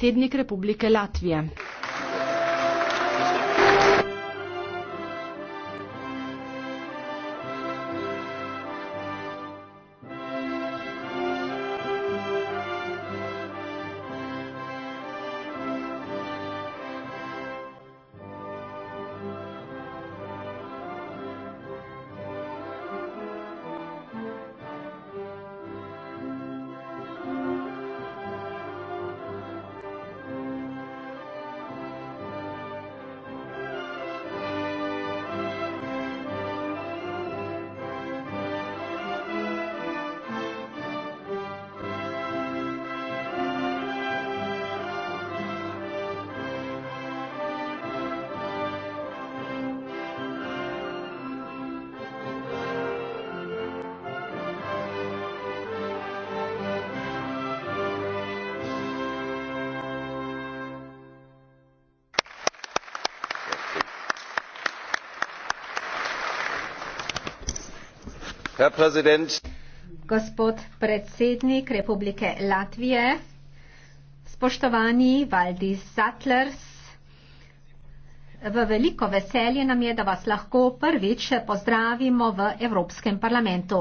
predsednik republike Latvije. Gospod predsednik Republike Latvije, spoštovani Valdis Sattlers, v veliko veselje nam je, da vas lahko prvič pozdravimo v Evropskem parlamentu.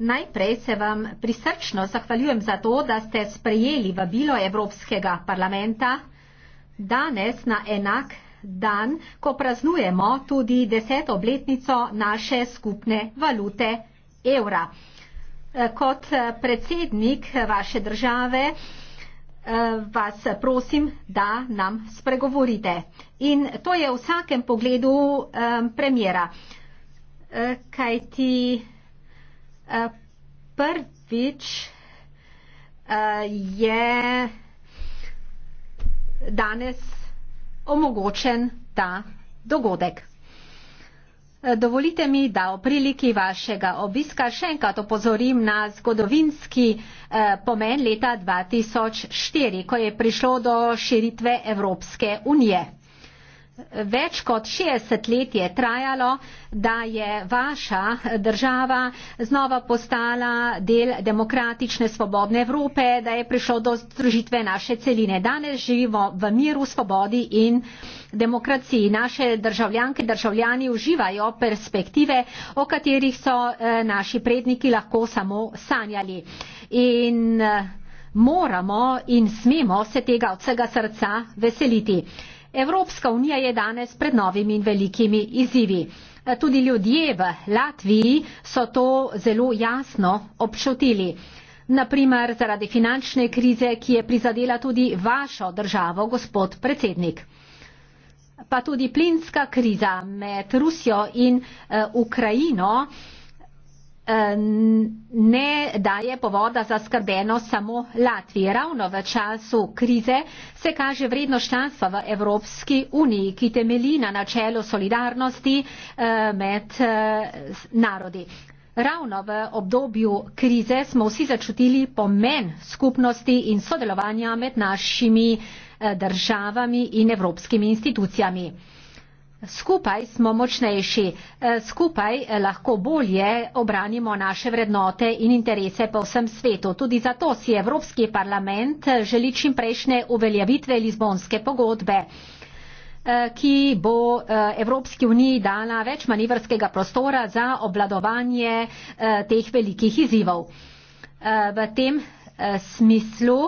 Najprej se vam prisrčno zahvaljujem za to, da ste sprejeli vabilo Evropskega parlamenta danes na enak dan, ko praznujemo tudi deseto obletnico naše skupne valute evra. Eh, kot eh, predsednik vaše države eh, vas prosim, da nam spregovorite. In to je v vsakem pogledu premjera. Kaj ti prvič je danes omogočen ta dogodek. E, dovolite mi, da o priliki vašega obiska še enkrat opozorim na zgodovinski e, pomen leta 2004, ko je prišlo do širitve Evropske unije več kot 60 let je trajalo, da je vaša država znova postala del demokratične svobodne Evrope, da je prišlo do združitve naše celine. Danes živimo v miru, svobodi in demokraciji. Naše državljanke, državljani uživajo perspektive, o katerih so eh, naši predniki lahko samo sanjali. In eh, moramo in smemo se tega od vsega srca veseliti. Evropska unija je danes pred novimi in velikimi izzivi. E, tudi ljudje v Latviji so to zelo jasno občutili. Naprimer zaradi finančne krize, ki je prizadela tudi vašo državo, gospod predsednik. Pa tudi plinska kriza med Rusijo in e, Ukrajino. Eh, ne daje povoda za skrbenost samo Latviji. Ravno v času krize se kaže vredno članstva v Evropski uniji, ki temelji na načelu solidarnosti eh, med eh, narodi. Ravno v obdobju krize smo vsi začutili pomen skupnosti in sodelovanja med našimi državami in evropskimi institucijami. Skupaj smo močnejši, eh, skupaj eh, lahko bolje obranimo naše vrednote in interese po vsem svetu. Tudi zato si Evropski parlament eh, želi čim prejšnje uveljavitve Lizbonske pogodbe ki bo Evropski uniji dala več manivrskega prostora za obladovanje teh velikih izzivov. V tem smislu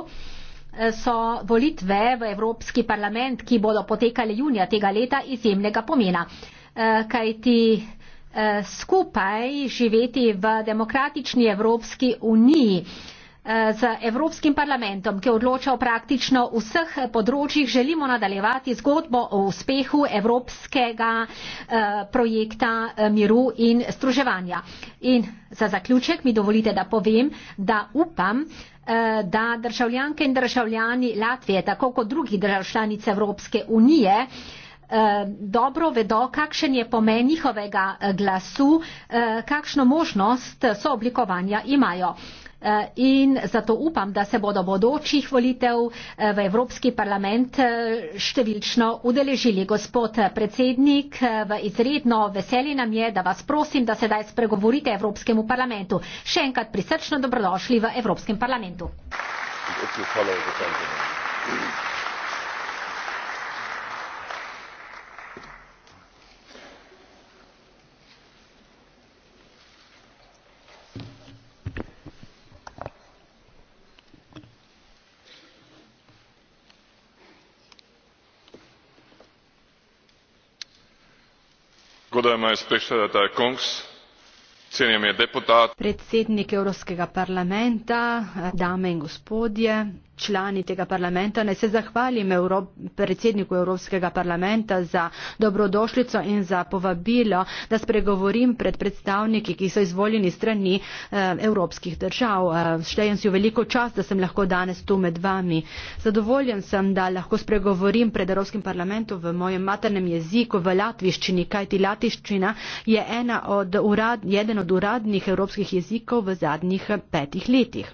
so volitve v Evropski parlament, ki bodo potekale junija tega leta, izjemnega pomena. Eh, kajti eh, skupaj živeti v demokratični Evropski uniji eh, z Evropskim parlamentom, ki odloča o praktično vseh področjih, želimo nadaljevati zgodbo o uspehu evropskega projekta miru in združevanja. In za zaključek mi dovolite, da povem, da upam, Eh, da državljanke in državljani Latvije, tako kot drugi državljanice Evropske unije, uh, Eh, dobro vedo, kakšen je pomen njihovega eh, glasu, eh, kakšno možnost sooblikovanja imajo. In zato upam, da se bodo bodočih volitev v Evropski parlament številčno udeležili. Gospod predsednik, v izredno veseli nam je, da vas prosim, da sedaj spregovorite Evropskemu parlamentu. Še enkrat prisrčno dobrodošli v Evropskem parlamentu. Hvala, gospod predsednik. meine sehr verehrten damen und herren! Cenjeni deputat. Predsednik Evropskega parlamenta, dame in gospodje, člani tega parlamenta, naj se zahvalim Evro predsedniku Evropskega parlamenta za dobrodošljico in za povabilo, da spregovorim pred predstavniki, ki so izvoljeni strani eh, evropskih držav. Eh, Štejem si v veliko čast, da sem lahko danes tu med vami. Zadovoljen sem, da lahko spregovorim pred Evropskim parlamentom v mojem maternem jeziku, v latviščini, kajti latviščina je ena od urad, od uradnih evropskih jezikov v zadnjih petih letih.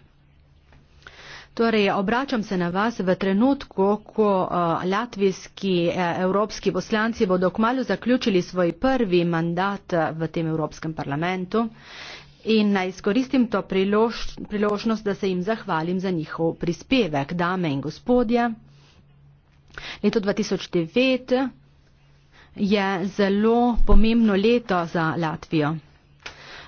Torej, obračam se na vas v trenutku, ko uh, latvijski uh, evropski poslanci bodo kmalo zaključili svoj prvi mandat eh, v tem Evropskem parlamentu in naj izkoristim to prilož, priložnost, da se jim zahvalim za njihov prispevek. Dame in gospodje, leto 2009 je zelo pomembno leto za Latvijo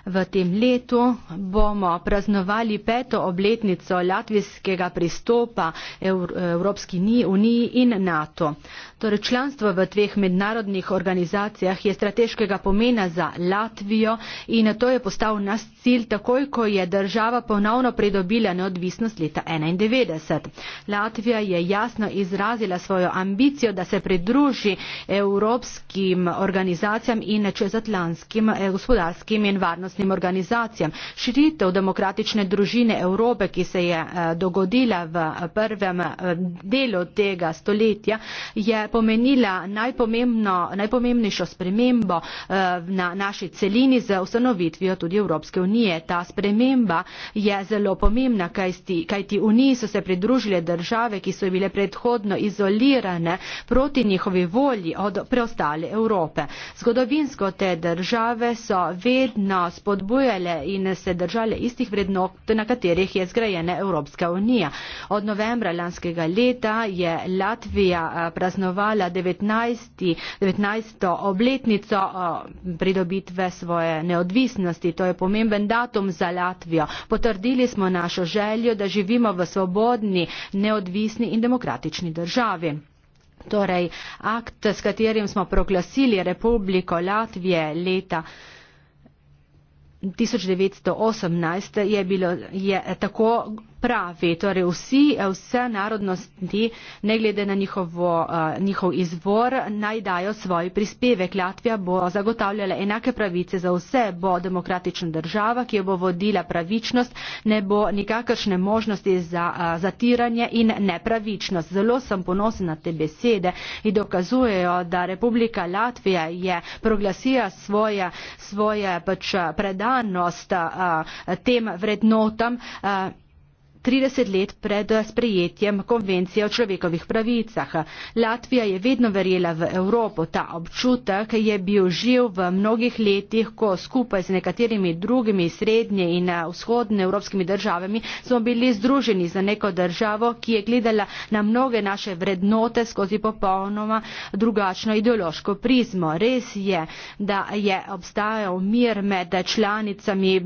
v tem letu bomo praznovali peto obletnico latvijskega pristopa evropski uniji in nato torej članstvo v dveh mednarodnih organizacijah je strateškega pomena za latvijo in to je postal naš cilj takoj ko je država ponovno pridobila neodvisnost leta enaindevetdeset latvija je jasno izrazila svojo ambicijo da se pridruži evropskim organizacijam in čezatlantskim eh, gospodarskim in varnostnim neprofitnim organizacijam. Širitev demokratične družine Evrope, ki se je eh, dogodila v eh, prvem eh, delu tega stoletja, je pomenila najpomembnejšo spremembo na naši celini z ustanovitvijo tudi Evropske unije. Ta sprememba je zelo pomembna, kajti v njih so se pridružile države, ki so bile predhodno izolirane proti njihovi volji od preostale Evrope. Zgodovinsko te države so vedno spodbujale in se držale istih vrednot, na katerih je zgrajena Evropska unija. Od novembra lanskega leta je Latvija praznovala 19. 19. obletnico pridobitve svoje neodvisnosti. To je pomemben datum za Latvijo. Potrdili smo našo željo, da živimo v svobodni, neodvisni in demokratični državi. Torej, akt, s katerim smo proglasili Republiko Latvije leta tisoč devetsto osemnajst je bilo je tako pravi, torej vsi, vse narodnosti, ne glede na njihovo, eh, njihov izvor, naj dajo svoj prispevek. Latvija bo zagotavljala enake pravice za vse, bo demokratična država, ki jo bo vodila pravičnost, ne bo nikakršne možnosti za eh, zatiranje in nepravičnost. Zelo sem ponosen na te besede in dokazujejo, da Republika Latvija je proglasila svoje, svoje pač predanost a, eh, tem vrednotam. A, 30 let pred sprejetjem konvencije o človekovih pravicah. Latvija je vedno verjela v Evropo. Ta občutek je bil živ v mnogih letih, ko skupaj z nekaterimi drugimi srednje in eh, vzhodne evropskimi državami smo bili združeni za neko državo, ki je gledala na mnoge naše vrednote skozi popolnoma drugačno ideološko prizmo. Res je, da je obstajal mir med članicami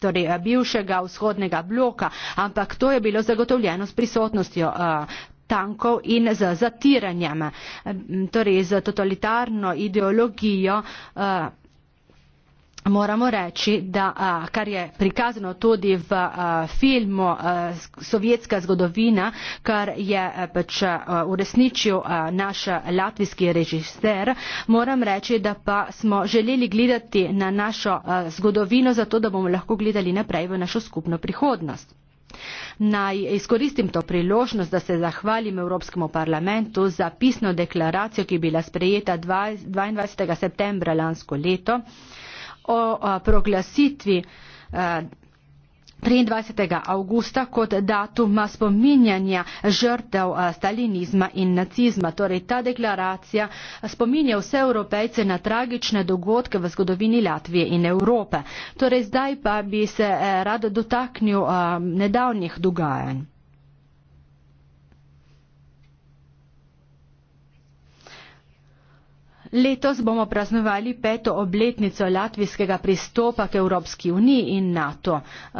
torej eh, bivšega vzhodnega bloka, ampak to je bilo zagotovljeno s prisotnostjo eh, tankov in z zatiranjem, torej z totalitarno ideologijo eh, moramo reči, da kar je prikazano tudi v filmu Sovjetska zgodovina, kar je pač uresničil naš latvijski režister, moram reči, da pa smo želeli gledati na našo zgodovino, zato da bomo lahko gledali naprej v našo skupno prihodnost. Naj izkoristim to priložnost, da se zahvalim Evropskemu parlamentu za pisno deklaracijo, ki je bila sprejeta 22. septembra lansko leto o proglasitvi triindvajset avgusta kot datuma spominjanja žrtev stalinizma in nacizma torej ta deklaracija spominja vse evropejce na tragične dogodke v zgodovini latvije in evrope torej zdaj pa bi se rad dotaknil nedavnih dogajanj. Letos bomo praznovali peto obletnico latvijskega pristopa k Evropski uniji in NATO. Eh,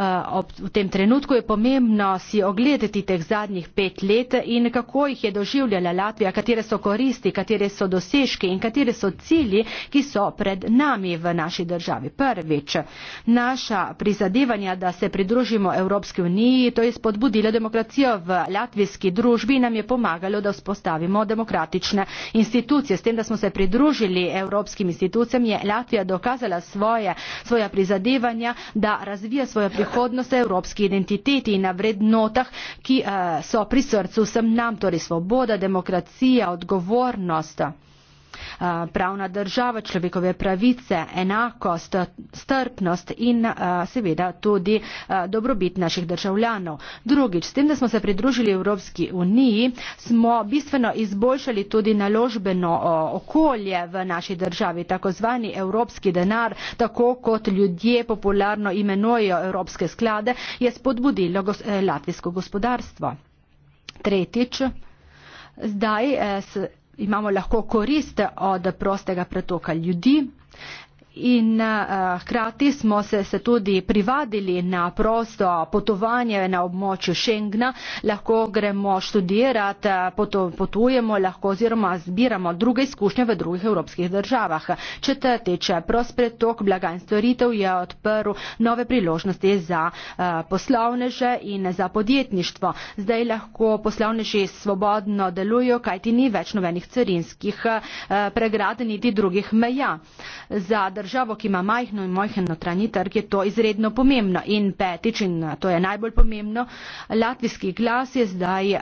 v tem trenutku je pomembno si ogledati teh zadnjih pet let in kako jih je doživljala Latvija, katere so koristi, katere so dosežke in katere so cilji, ki so pred nami v naši državi. Prvič, naša prizadevanja, da se pridružimo Evropski uniji, to je spodbudilo demokracijo v latvijski družbi in nam je pomagalo, da vzpostavimo demokratične institucije. S tem, da smo se pridružili, pridružili evropskim institucijam je Latvija dokazala svoje, svoja prizadevanja, da razvija svojo prihodnost evropski identiteti in na vrednotah, ki uh, so pri srcu vsem nam, torej svoboda, demokracija, odgovornost pravna država, človekove pravice, enakost, strpnost in seveda tudi dobrobit naših državljanov. Drugič, s tem, da smo se pridružili Evropski uniji, smo bistveno izboljšali tudi naložbeno okolje v naši državi, takozvani evropski denar, tako kot ljudje popularno imenujejo evropske sklade, je spodbudilo eh, latvijsko gospodarstvo. Tretjič, zdaj eh, se imamo lahko korist od prostega pretoka ljudi in eh, hkrati smo se, se tudi privadili na prosto potovanje na območju Schengna, lahko gremo študirati, eh, potujemo, lahko oziroma zbiramo druge izkušnje v drugih evropskih državah. Četrtič, prost pretok blaga in storitev je odprl nove priložnosti za eh, poslovneže in za podjetništvo. Zdaj lahko poslovneži svobodno delujo, kajti ni več novenih carinskih pregrad, niti drugih meja. Za državo, ki ima majhno in mojhen notranji trg, je to izredno pomembno. In petič, in to je najbolj pomembno, latvijski glas je zdaj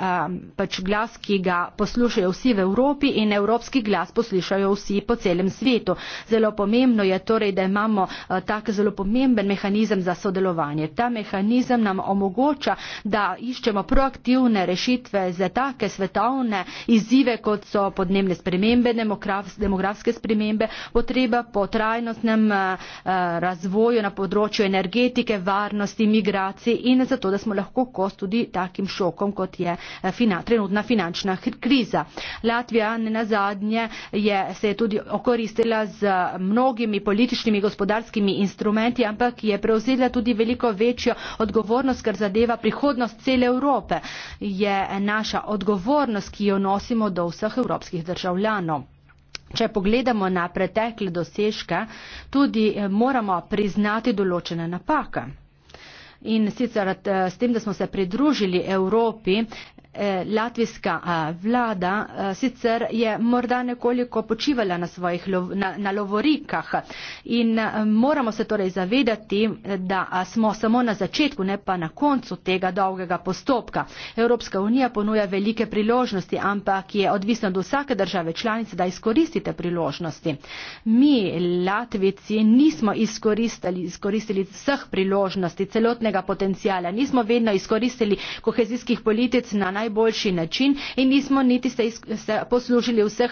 pač glas, ki ga poslušajo vsi v Evropi in evropski glas poslušajo vsi po celem svetu. Zelo pomembno je torej, da imamo tak zelo pomemben mehanizem za sodelovanje. Ta mehanizem nam omogoča, da iščemo proaktivne rešitve za take svetovne izzive, kot so podnebne spremembe, demografske spremembe, potreba po trajnosti, trajnostnem eh, eh, razvoju na področju energetike, varnosti, migracij in zato, da smo lahko kost tudi takim šokom, kot je eh, trenutna finančna kriza. Latvija ne na zadnje je, se je tudi okoristila z mnogimi političnimi gospodarskimi instrumenti, ampak je prevzela tudi veliko večjo odgovornost, kar zadeva prihodnost cele Evrope. Je naša odgovornost, ki jo nosimo do vseh evropskih državljanov. Če pogledamo na pretekle dosežke, tudi eh, moramo priznati določene napake. In sicer eh, s tem, da smo se pridružili Evropi, Eh, latvijska eh, vlada eh, sicer je morda nekoliko počivala na svojih na, na lovorikah in moramo se torej zavedati, da smo samo na začetku, ne pa na koncu tega dolgega postopka. Evropska unija ponuja velike priložnosti, ampak je odvisna od vsake države članice, da izkoristite priložnosti. Mi, Latvici, nismo izkoristili, izkoristili vseh priložnosti, celotnega potencijala, nismo vedno izkoristili kohezijskih politic na naj najboljši način in nismo niti se, se poslužili vseh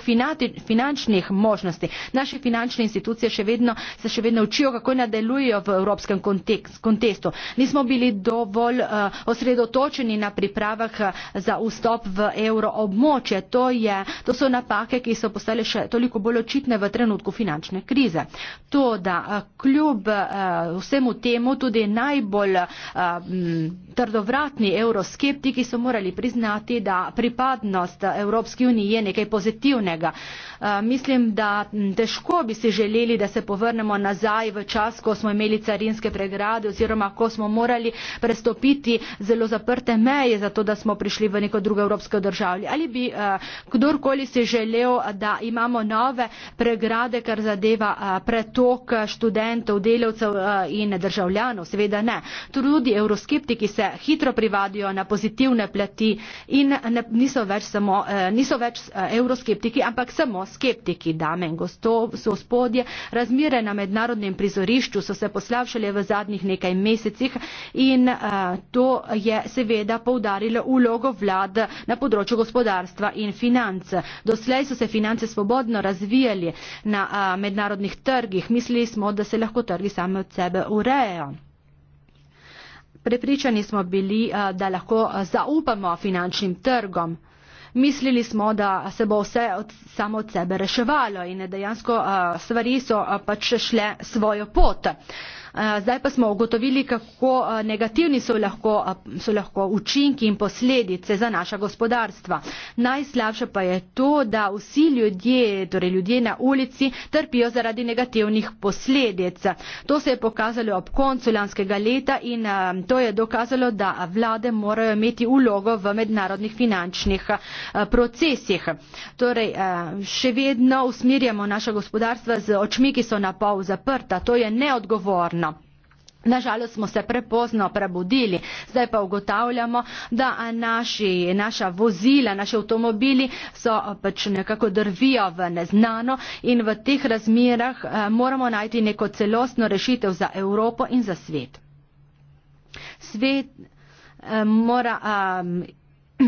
finančnih možnosti. Naše finančne institucije še vedno, se še vedno učijo, kako nadaljujejo v evropskem kontekstu. Nismo bili dovolj uh, osredotočeni na pripravah eh, za vstop v euroobmočje. To, to so napake, ki so postale še toliko bolj očitne v trenutku finančne krize. To, da eh, kljub uh, vsemu temu tudi najbolj uh, trdovratni evroskeptiki so morali priznati, priznati, da pripadnost Evropski uniji je nekaj pozitivnega. Eh, mislim, da težko bi si želeli, da se povrnemo nazaj v čas, ko smo imeli carinske pregrade oziroma ko smo morali prestopiti zelo zaprte meje, zato da smo prišli v neko drugo evropsko državo. Ali bi eh, kdorkoli si želel, da imamo nove pregrade, kar zadeva eh, pretok študentov, delavcev in državljanov? Seveda ne. Tudi euroskeptiki se hitro privadijo na pozitivne plati in ne, niso več samo, eh, niso več euroskeptiki, eh, ampak samo skeptiki, dame in gospodje. Razmire na mednarodnem prizorišču so se poslavšale v zadnjih nekaj mesecih in eh, to je seveda poudarilo ulogo vlad na področju gospodarstva in financ. Doslej so se finance svobodno razvijali na mednarodnih trgih. Mislili smo, da se lahko trgi same od sebe urejejo. Prepričani smo bili, eh, da lahko eh, zaupamo finančnim trgom. Mislili smo, da se bo vse od, samo od sebe reševalo in dejansko eh, stvari so pač šle svojo pot. Eh, zdaj pa smo ugotovili, kako eh, negativni so lahko, eh, so lahko učinki in posledice za naša gospodarstva. Najslabše pa je to, da vsi ljudje, torej ljudje na ulici, trpijo zaradi negativnih posledic. To se je pokazalo ob koncu lanskega leta in to je dokazalo, da vlade morajo imeti ulogo v mednarodnih finančnih procesih. Torej, še vedno usmirjamo naša gospodarstva z očmi, ki so na pol zaprta. To je neodgovorno. Nažalost smo se prepozno prebudili, zdaj pa ugotavljamo, da naši, naša vozila, naši avtomobili so eh, pač nekako drvijo v neznano in v teh razmerah eh, moramo najti neko celostno rešitev za Evropo in za svet. Svet eh, mora. Um,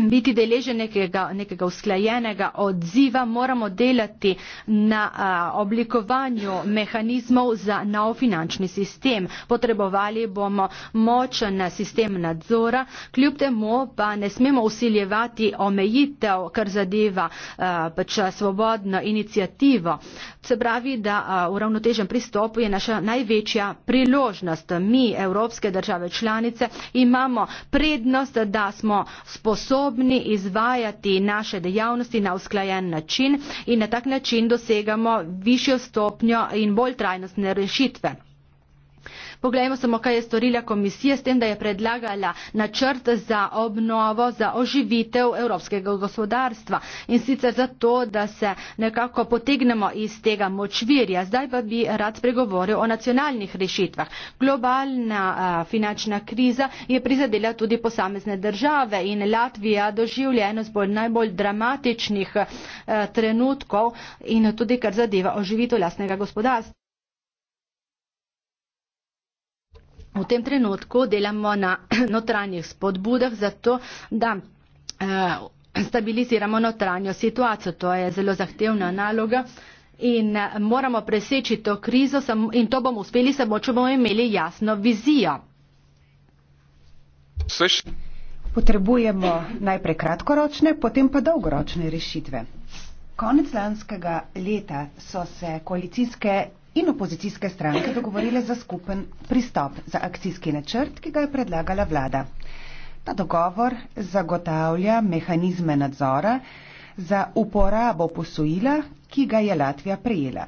biti deležen nekega, nekega usklajenega odziva, moramo delati na a, oblikovanju mehanizmov za nov finančni sistem. Potrebovali bomo močen sistem nadzora, kljub temu pa ne smemo usiljevati omejitev, kar zadeva a, pač svobodno inicijativo. Se pravi, da a, uravnotežen pristop je naša največja priložnost. Mi, evropske države članice, imamo prednost, da smo sposobni sposobni izvajati naše dejavnosti na usklajen način in na tak način dosegamo višjo stopnjo in bolj trajnostne rešitve. Poglejmo samo, kaj je storila komisija s tem, da je predlagala načrt za obnovo, za oživitev evropskega gospodarstva in sicer zato, da se nekako potegnemo iz tega močvirja. Zdaj pa bi rad spregovoril o nacionalnih rešitvah. Globalna a, finančna kriza je prizadela tudi posamezne države in Latvija doživlja eno z najbolj dramatičnih a, trenutkov in tudi kar zadeva oživitev lasnega gospodarstva. v tem trenutku delamo na notranjih spodbudah za to, da eh, stabiliziramo notranjo situacijo. To je zelo zahtevna naloga in eh, moramo preseči to krizo in to bomo uspeli samo, če bomo imeli jasno vizijo. Potrebujemo najprej kratkoročne, potem pa dolgoročne rešitve. Konec lanskega leta so se koalicijske in opozicijske stranke dogovorile za skupen pristop za akcijski načrt, ki ga je predlagala vlada. Ta dogovor zagotavlja mehanizme nadzora za uporabo posojila, ki ga je Latvija prejela.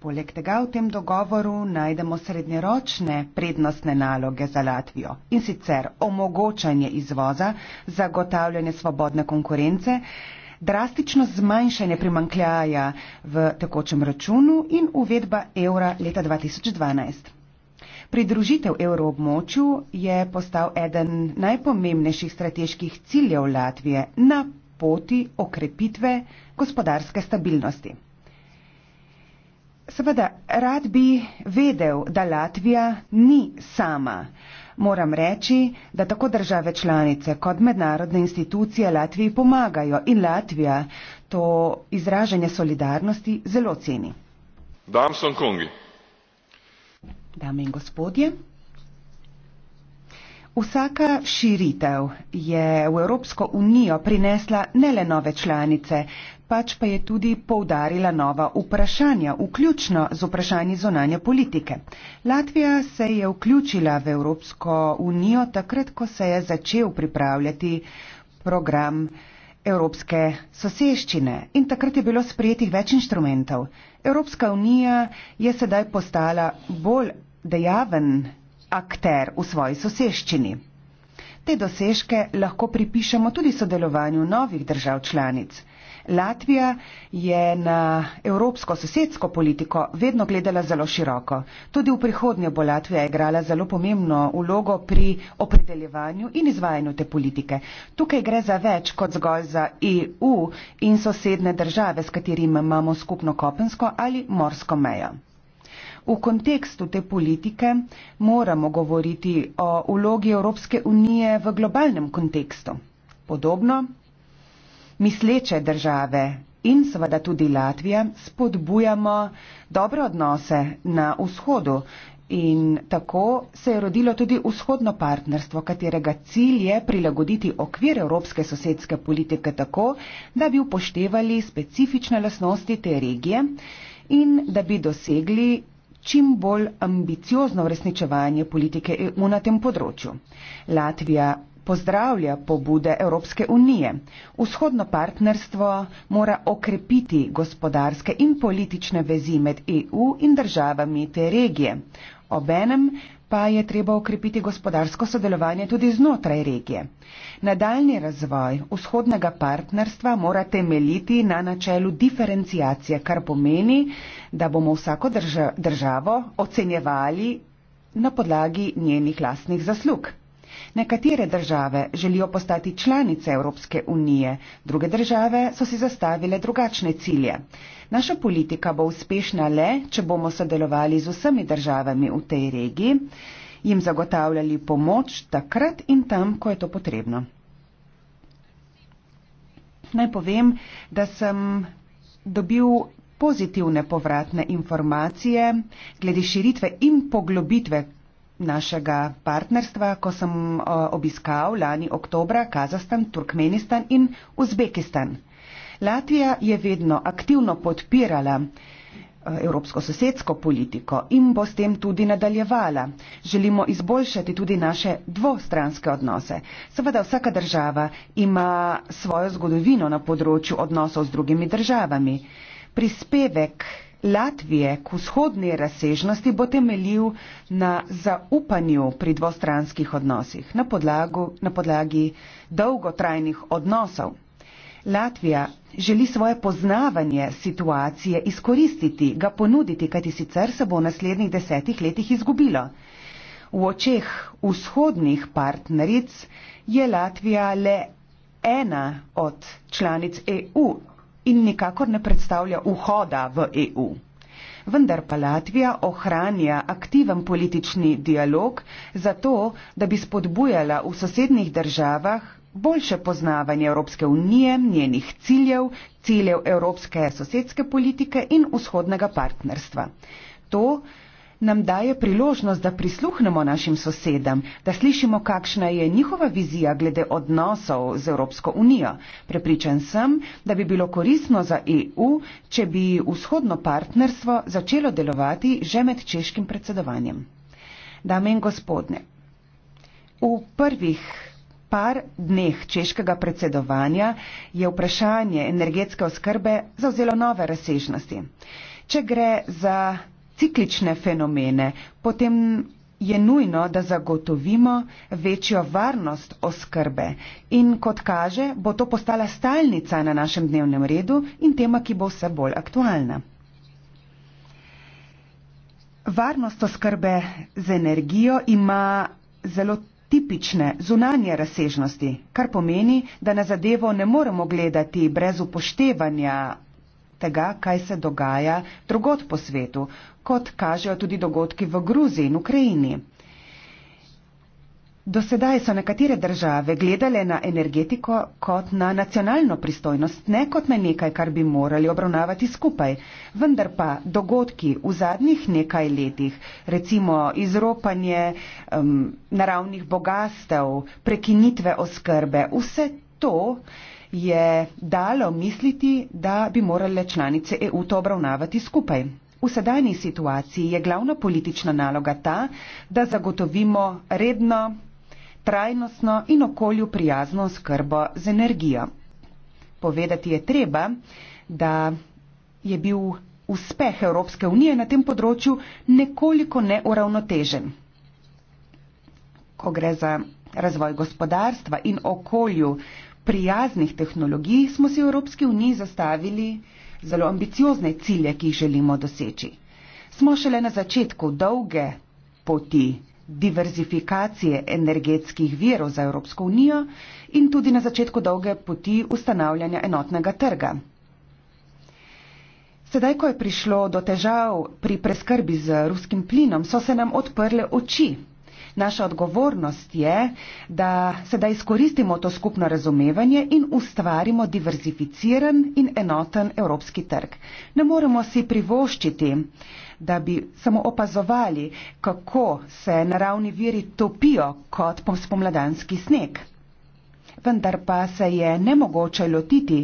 Poleg tega v tem dogovoru najdemo srednjeročne prednostne naloge za Latvijo in sicer omogočanje izvoza, zagotavljanje svobodne konkurence, drastično zmanjšanje primankljaja v tekočem računu in uvedba evra leta 2012. Pridružitev evroobmočju je postal eden najpomembnejših strateških ciljev Latvije na poti okrepitve gospodarske stabilnosti. Seveda, rad bi vedel, da Latvija ni sama, Moram reči, da tako države članice kot mednarodne institucije Latviji pomagajo in Latvija to izražanje solidarnosti zelo ceni. Dame in gospodje. Vsaka širitev je v Evropsko unijo prinesla ne le nove članice, pač pa je tudi poudarila nova vprašanja, vključno z vprašanji zonanja politike. Latvija se je vključila v Evropsko unijo takrat, ko se je začel pripravljati program Evropske soseščine in takrat je bilo sprejetih več inštrumentov. Evropska unija je sedaj postala bolj dejaven akter v svoji soseščini. Te dosežke lahko pripišemo tudi sodelovanju novih držav članic. Latvija je na evropsko sosedsko politiko vedno gledala zelo široko. Tudi v prihodnje bo Latvija igrala zelo pomembno ulogo pri opredeljevanju in izvajanju te politike. Tukaj gre za več kot zgolj za EU in sosedne države, s katerimi imamo skupno kopensko ali morsko mejo. V kontekstu te politike moramo govoriti o vlogi Evropske unije v globalnem kontekstu. Podobno misleče države in seveda tudi Latvija spodbujamo dobre odnose na vzhodu in tako se je rodilo tudi vzhodno partnerstvo, katerega cilj je prilagoditi okvir Evropske sosedske politike tako, da bi upoštevali specifične lasnosti te regije in da bi dosegli čim bolj ambiciozno uresničevanje politike EU na tem področju. Latvija pozdravlja pobude Evropske unije. Vzhodno partnerstvo mora okrepiti gospodarske in politične vezi med EU in državami te regije. Obenem pa je treba ukrepiti gospodarsko sodelovanje tudi znotraj regije. Nadaljni razvoj vzhodnega partnerstva mora temeljiti na načelu diferencijacije, kar pomeni, da bomo vsako držav, državo ocenjevali na podlagi njenih lastnih zaslug. Nekatere države želijo postati članice Evropske unije, druge države so si zastavile drugačne cilje. Naša politika bo uspešna le, če bomo sodelovali z vsemi državami v tej regiji, jim zagotavljali pomoč takrat in tam, ko je to potrebno. Naj povem, da sem dobil pozitivne povratne informacije glede širitve in poglobitve našega partnerstva, ko sem obiskal lani oktobra Kazastan, Turkmenistan in Uzbekistan. Latvija je vedno aktivno podpirala e, evropsko sosedsko politiko in bo s tem tudi nadaljevala. Želimo izboljšati tudi naše dvostranske odnose. Seveda vsaka država ima svojo zgodovino na področju odnosov z drugimi državami. Prispevek Latvije k vzhodni razsežnosti bo temeljil na zaupanju pri dvostranskih odnosih na, podlagu, na podlagi dolgotrajnih odnosov. Latvija želi svoje poznavanje situacije izkoristiti, ga ponuditi, kajti sicer se bo v naslednjih desetih letih izgubilo. V očeh vzhodnih partneric je Latvija le ena od članic EU, in nikakor ne predstavlja vhoda v EU. Vendar pa Latvija ohranja aktiven politični dialog zato, da bi spodbujala v sosednjih državah boljše poznavanje Evropske unije, njenih ciljev, ciljev evropske sosedske politike in vzhodnega partnerstva. To nam daje priložnost, da prisluhnemo našim sosedam, da slišimo, kakšna je njihova vizija glede odnosov z Evropsko unijo. Prepričan sem, da bi bilo korisno za EU, če bi vzhodno partnerstvo začelo delovati že med češkim predsedovanjem. Dame in gospodne, v prvih par dneh češkega predsedovanja je vprašanje energetske oskrbe zauzelo nove razsežnosti. Če gre za ciklične fenomene, potem je nujno, da zagotovimo večjo varnost oskrbe. In kot kaže, bo to postala stalnica na našem dnevnem redu in tema, ki bo vse bolj aktualna. Varnost oskrbe z energijo ima zelo tipične zunanje razsežnosti, kar pomeni, da na zadevo ne moremo gledati brez upoštevanja tega, kaj se dogaja drugot po svetu, kot kažejo tudi dogodki v Gruziji in Ukrajini. Do sedaj so nekatere države gledale na energetiko kot na nacionalno pristojnost, ne kot na nekaj, kar bi morali obravnavati skupaj. Vendar pa dogodki v zadnjih nekaj letih, recimo izropanje um, naravnih bogastev, prekinitve oskrbe, vse to je dalo misliti, da bi morale članice EU to obravnavati skupaj. V sedajni situaciji je glavna politična naloga ta, da zagotovimo redno, trajnostno in okolju prijazno skrbo z energijo. Povedati je treba, da je bil uspeh Evropske unije na tem področju nekoliko neuravnotežen. Ko gre za razvoj gospodarstva in okolju, prijaznih tehnologij smo si v Evropski uniji zastavili zelo ambiciozne cilje, ki jih želimo doseči. Smo šele na začetku dolge poti diverzifikacije energetskih virov za Evropsko unijo in tudi na začetku dolge poti ustanavljanja enotnega trga. Sedaj, ko je prišlo do težav pri preskrbi z ruskim plinom, so se nam odprle oči Naša odgovornost je, da sedaj izkoristimo to skupno razumevanje in ustvarimo diverzificiran in enoten evropski trg. Ne moremo si privoščiti, da bi samo opazovali, kako se naravni viri topijo kot spomladanski sneg. Vendar pa se je nemogoče lotiti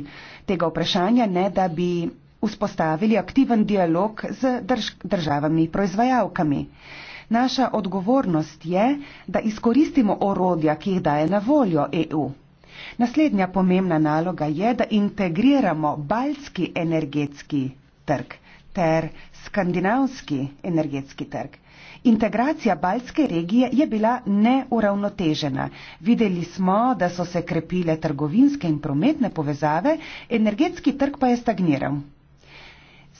tega vprašanja, ne da bi vzpostavili aktiven dialog z državami proizvajalkami. Naša odgovornost je, da izkoristimo orodja, ki jih daje na voljo EU. Naslednja pomembna naloga je, da integriramo baljski energetski trg ter skandinavski energetski trg. Integracija baljske regije je bila neuravnotežena. Videli smo, da so se krepile trgovinske in prometne povezave, energetski trg pa je stagniral.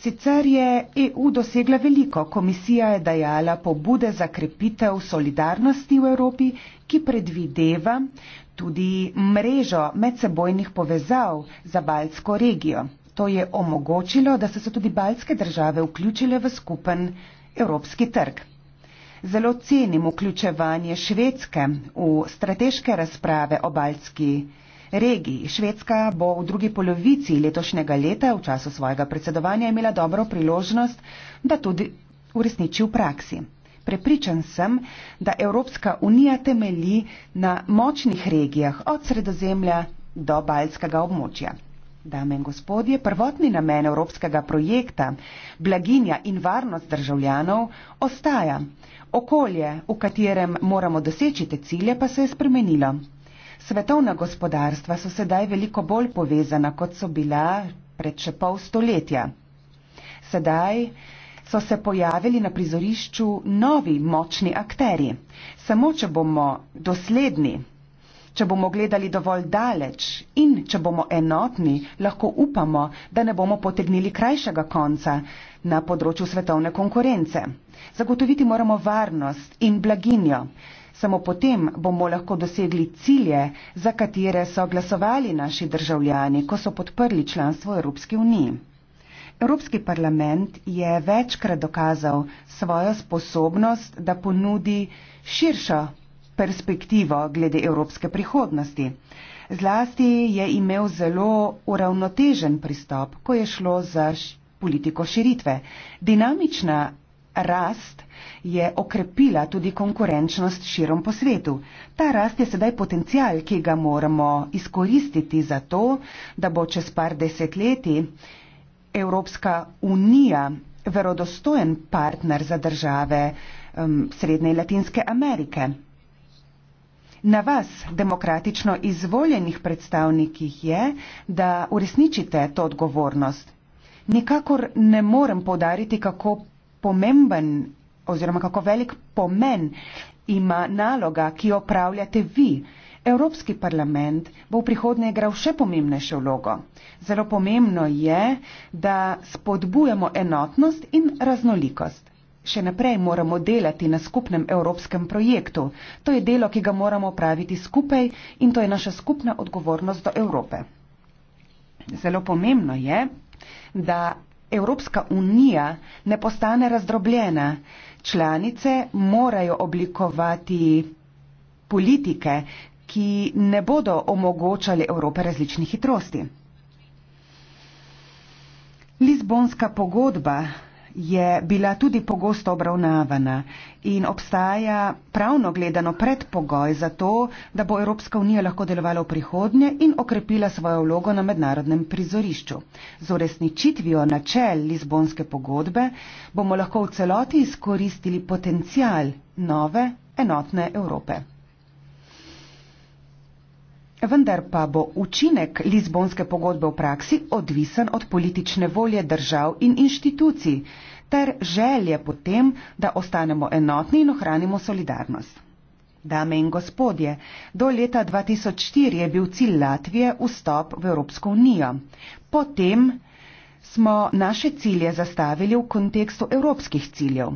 Sicer je EU dosegla veliko, komisija je dajala pobude za krepitev solidarnosti v Evropi, ki predvideva tudi mrežo medsebojnih povezav za Baltsko regijo. To je omogočilo, da so se tudi baltske države vključile v skupen evropski trg. Zelo cenim vključevanje Švedske v strateške razprave o baltski regiji regiji. Švedska bo v drugi polovici letošnjega leta v času svojega predsedovanja imela dobro priložnost, da tudi uresniči v praksi. Prepričan sem, da Evropska unija temelji na močnih regijah od sredozemlja do balskega območja. Dame in gospodje, prvotni namen evropskega projekta blaginja in varnost državljanov ostaja. Okolje, v katerem moramo doseči te cilje, pa se je spremenilo. Svetovna gospodarstva so sedaj veliko bolj povezana, kot so bila pred še pol stoletja. Sedaj so se pojavili na prizorišču novi močni akteri. Samo, če bomo dosledni, če bomo gledali dovolj daleč in če bomo enotni, lahko upamo, da ne bomo potegnili krajšega konca na področju svetovne konkurence. Zagotoviti moramo varnost in blaginjo. Samo potem bomo lahko dosegli cilje, za katere so glasovali naši državljani, ko so podprli članstvo Evropske unije. Evropski parlament je večkrat dokazal svojo sposobnost, da ponudi širšo perspektivo glede evropske prihodnosti. Zlasti je imel zelo uravnotežen pristop, ko je šlo za politiko širitve. Dinamična rast je okrepila tudi konkurenčnost širom po svetu. Ta rast je sedaj potencial, ki ga moramo izkoristiti za to, da bo čez par desetletij Evropska unija verodostojen partner za države um, Srednje in Latinske Amerike. Na vas, demokratično izvoljenih predstavnikih, je, da uresničite to odgovornost. Nikakor ne morem podariti, kako pomemben oziroma kako velik pomen ima naloga, ki jo upravljate vi. Evropski parlament bo v prihodnje igral še pomembnejšo vlogo. Zelo pomembno je, da spodbujamo enotnost in raznolikost. Še naprej moramo delati na skupnem evropskem projektu. To je delo, ki ga moramo praviti skupaj in to je naša skupna odgovornost do Evrope. Zelo pomembno je, da Evropska unija ne postane razdrobljena. Članice morajo oblikovati politike, ki ne bodo omogočali Evrope različnih hitrosti. Lizbonska pogodba je bila tudi pogosto obravnavana in obstaja pravno gledano predpogoj za to, da bo Evropska unija lahko delovala v prihodnje in okrepila svojo vlogo na mednarodnem prizorišču. Z uresničitvijo načel Lizbonske pogodbe bomo lahko v celoti izkoristili potencial nove enotne Evrope. Vendar pa bo učinek Lizbonske pogodbe v praksi odvisen od politične volje držav in inštitucij ter želje potem, da ostanemo enotni in ohranimo solidarnost. Dame in gospodje, do leta 2004 je bil cilj Latvije vstop v Evropsko unijo. Potem smo naše cilje zastavili v kontekstu evropskih ciljev.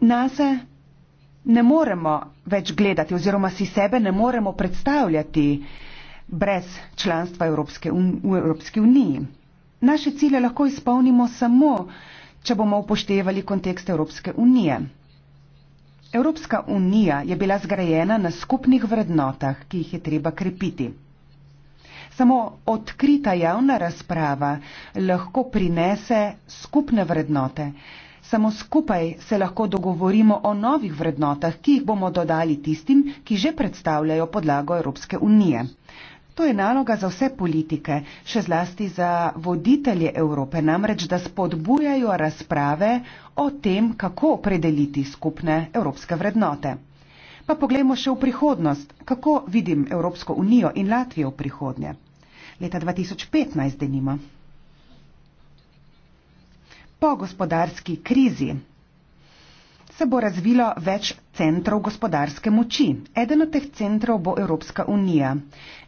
Nase ne moremo več gledati oziroma si sebe ne moremo predstavljati brez članstva Evropske, v Evropski uniji. Naše cilje lahko izpolnimo samo, če bomo upoštevali kontekst Evropske unije. Evropska unija je bila zgrajena na skupnih vrednotah, ki jih je treba krepiti. Samo odkrita javna razprava lahko prinese skupne vrednote, Samo skupaj se lahko dogovorimo o novih vrednotah, ki jih bomo dodali tistim, ki že predstavljajo podlago Evropske unije. To je naloga za vse politike, še zlasti za voditelje Evrope, namreč da spodbujajo razprave o tem, kako opredeliti skupne evropske vrednote. Pa poglejmo še v prihodnost, kako vidim Evropsko unijo in Latvijo v prihodnje. Leta 2015 denimo po gospodarski krizi se bo razvilo več centrov gospodarske moči. Eden od teh centrov bo Evropska unija.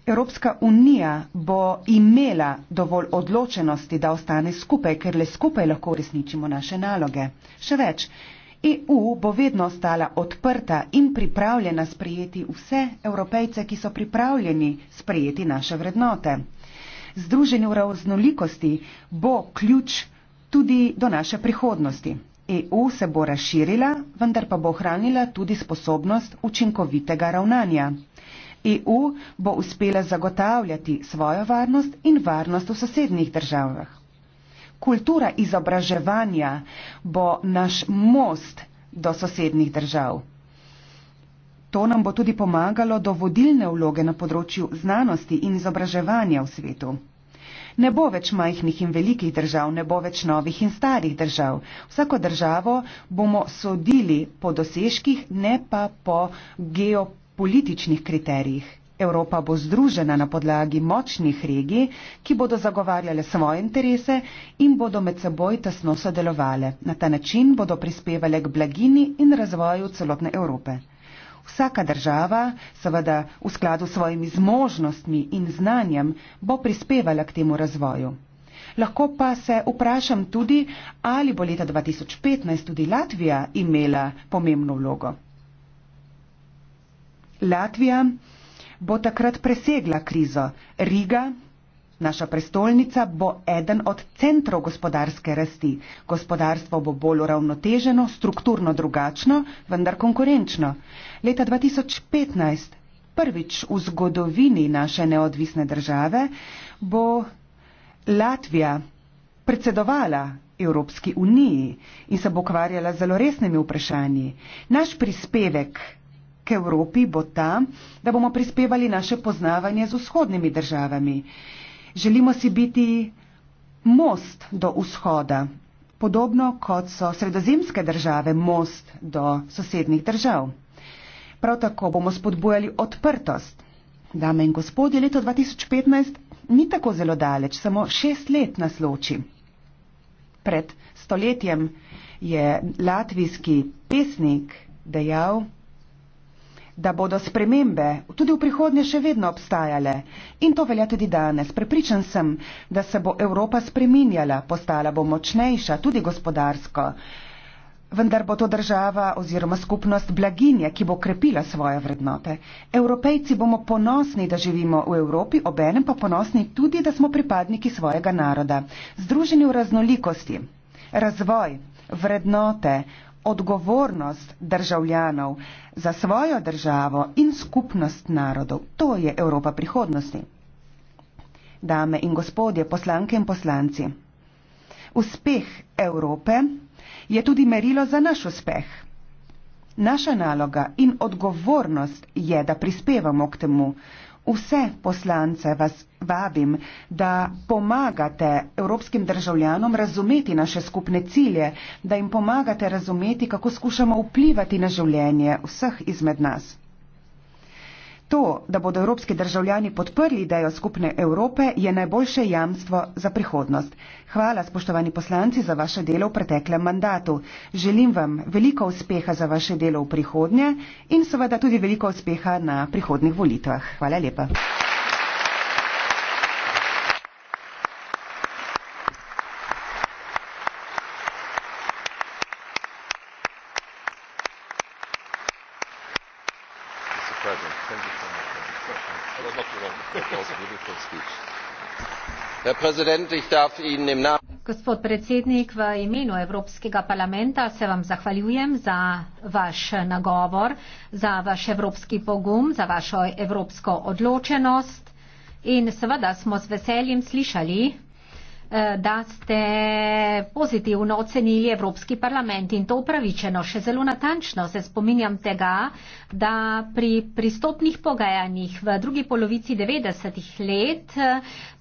Evropska unija bo imela dovolj odločenosti, da ostane skupaj, ker le skupaj lahko uresničimo naše naloge. Še več, EU bo vedno ostala odprta in pripravljena sprejeti vse evropejce, ki so pripravljeni sprejeti naše vrednote. Združenje v raznolikosti bo ključ tudi do naše prihodnosti. EU se bo razširila, vendar pa bo ohranila tudi sposobnost učinkovitega ravnanja. EU bo uspela zagotavljati svojo varnost in varnost v sosednjih državah. Kultura izobraževanja bo naš most do sosednjih držav. To nam bo tudi pomagalo do vodilne vloge na področju znanosti in izobraževanja v svetu. Ne bo več majhnih in velikih držav, ne bo več novih in starih držav. Vsako državo bomo sodili po dosežkih, ne pa po geopolitičnih kriterijih. Evropa bo združena na podlagi močnih regij, ki bodo zagovarjale svoje interese in bodo med seboj tesno sodelovale. Na ta način bodo prispevale k blagini in razvoju celotne Evrope. Vsaka država, seveda v skladu s svojimi zmožnostmi in znanjem, bo prispevala k temu razvoju. Lahko pa se vprašam tudi, ali bo leta 2015 tudi Latvija imela pomembno vlogo. Latvija bo takrat presegla krizo. Riga Naša prestolnica bo eden od centrov gospodarske rasti. Gospodarstvo bo bolj uravnoteženo, strukturno drugačno, vendar konkurenčno. Leta 2015, prvič v zgodovini naše neodvisne države, bo Latvija predsedovala Evropski uniji in se bo ukvarjala z zelo resnimi vprašanji. Naš prispevek k Evropi bo ta, da bomo prispevali naše poznavanje z vzhodnimi državami. Želimo si biti most do vzhoda, podobno kot so sredozemske države most do sosednih držav. Prav tako bomo spodbujali odprtost. Dame in gospodje, leto 2015 ni tako zelo daleč, samo šest let nas loči. Pred stoletjem je latvijski pesnik dejal, da bodo spremembe tudi v prihodnje še vedno obstajale in to velja tudi danes. Prepričan sem, da se bo Evropa spreminjala, postala bo močnejša tudi gospodarsko, vendar bo to država oziroma skupnost blaginje, ki bo krepila svoje vrednote. Evropejci bomo ponosni, da živimo v Evropi, obenem pa ponosni tudi, da smo pripadniki svojega naroda, združeni v raznolikosti. Razvoj, vrednote, odgovornost državljanov za svojo državo in skupnost narodov. To je Evropa prihodnosti. Dame in gospodje, poslanke in poslanci, uspeh Evrope je tudi merilo za naš uspeh. Naša naloga in odgovornost je, da prispevamo k temu, Vse poslance vas vabim, da pomagate evropskim državljanom razumeti naše skupne cilje, da jim pomagate razumeti, kako skušamo vplivati na življenje vseh izmed nas. To, da bodo evropski državljani podprli idejo skupne Evrope, je najboljše jamstvo za prihodnost. Hvala, spoštovani poslanci, za vaše delo v preteklem mandatu. Želim vam veliko uspeha za vaše delo v prihodnje in seveda tudi veliko uspeha na prihodnih volitvah. Hvala lepa. Gospod predsednik, v imenu Evropskega parlamenta se vam zahvaljujem za vaš nagovor, za vaš evropski pogum, za vašo evropsko odločenost in seveda smo z veseljem slišali Eh, da ste pozitivno ocenili Evropski parlament in to upravičeno. Še zelo natančno se spominjam tega, da pri pristopnih pogajanjih v drugi polovici 90-ih let,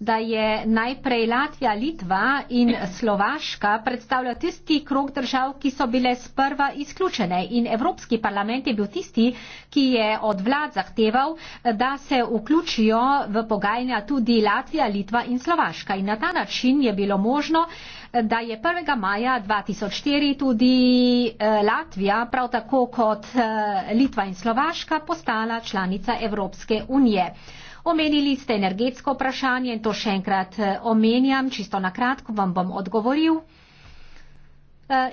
da je najprej Latvija, Litva in Slovaška predstavlja tisti krok držav, ki so bile sprva izključene in Evropski parlament je bil tisti, ki je od vlad zahteval, da se vključijo v pogajanja tudi Latvija, Litva in Slovaška. In na ta način je bilo možno, da je 1. maja 2004 tudi eh, Latvija, prav tako kot eh, Litva in Slovaška, postala članica Evropske unije. Omenili ste energetsko vprašanje in to še enkrat eh, omenjam, čisto na kratko vam bom odgovoril. E,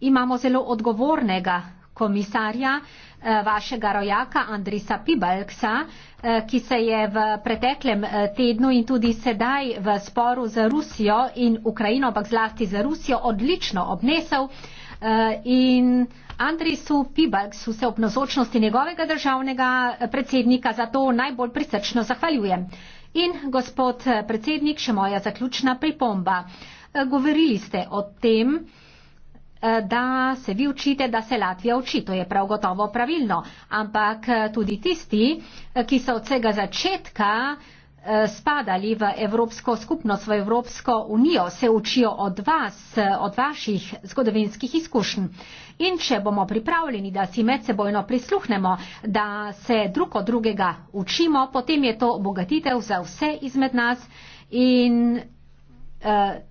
imamo zelo odgovornega komisarja, eh, vašega rojaka Andrisa Pibalksa, eh, ki se je v preteklem eh, tednu in tudi sedaj v sporu z Rusijo in Ukrajino, ampak zlasti z Rusijo, odlično obnesel. In Andrisu Pibalksu se ob nazočnosti njegovega državnega predsednika za to najbolj prisrčno zahvaljujem. In gospod predsednik, še moja zaključna pripomba. Govorili ste o tem, Eh, da se vi učite, da se Latvija uči. To je prav gotovo pravilno. Ampak eh, tudi tisti, eh, ki so od vsega začetka spadali v Evropsko skupnost, v Evropsko unijo, se učijo od vas, od vaših zgodovinskih izkušenj. In če bomo pripravljeni, da si medsebojno prisluhnemo, da se drug od drugega učimo, potem je to obogatitev za vse izmed nas in Eh,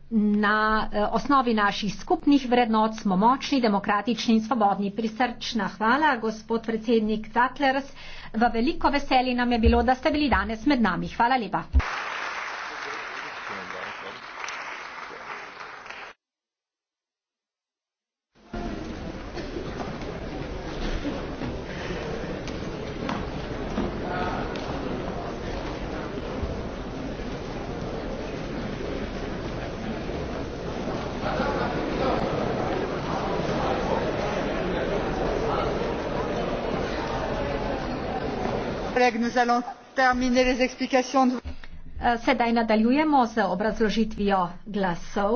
na eh, osnovi naših skupnih vrednot smo močni, demokratični in svobodni. Prisrčna hvala, gospod predsednik Zatlers. V veliko veselji nam je bilo, da ste bili danes med nami. Hvala lepa. Eh, sedaj nadaljujemo z obrazložitvijo glasov.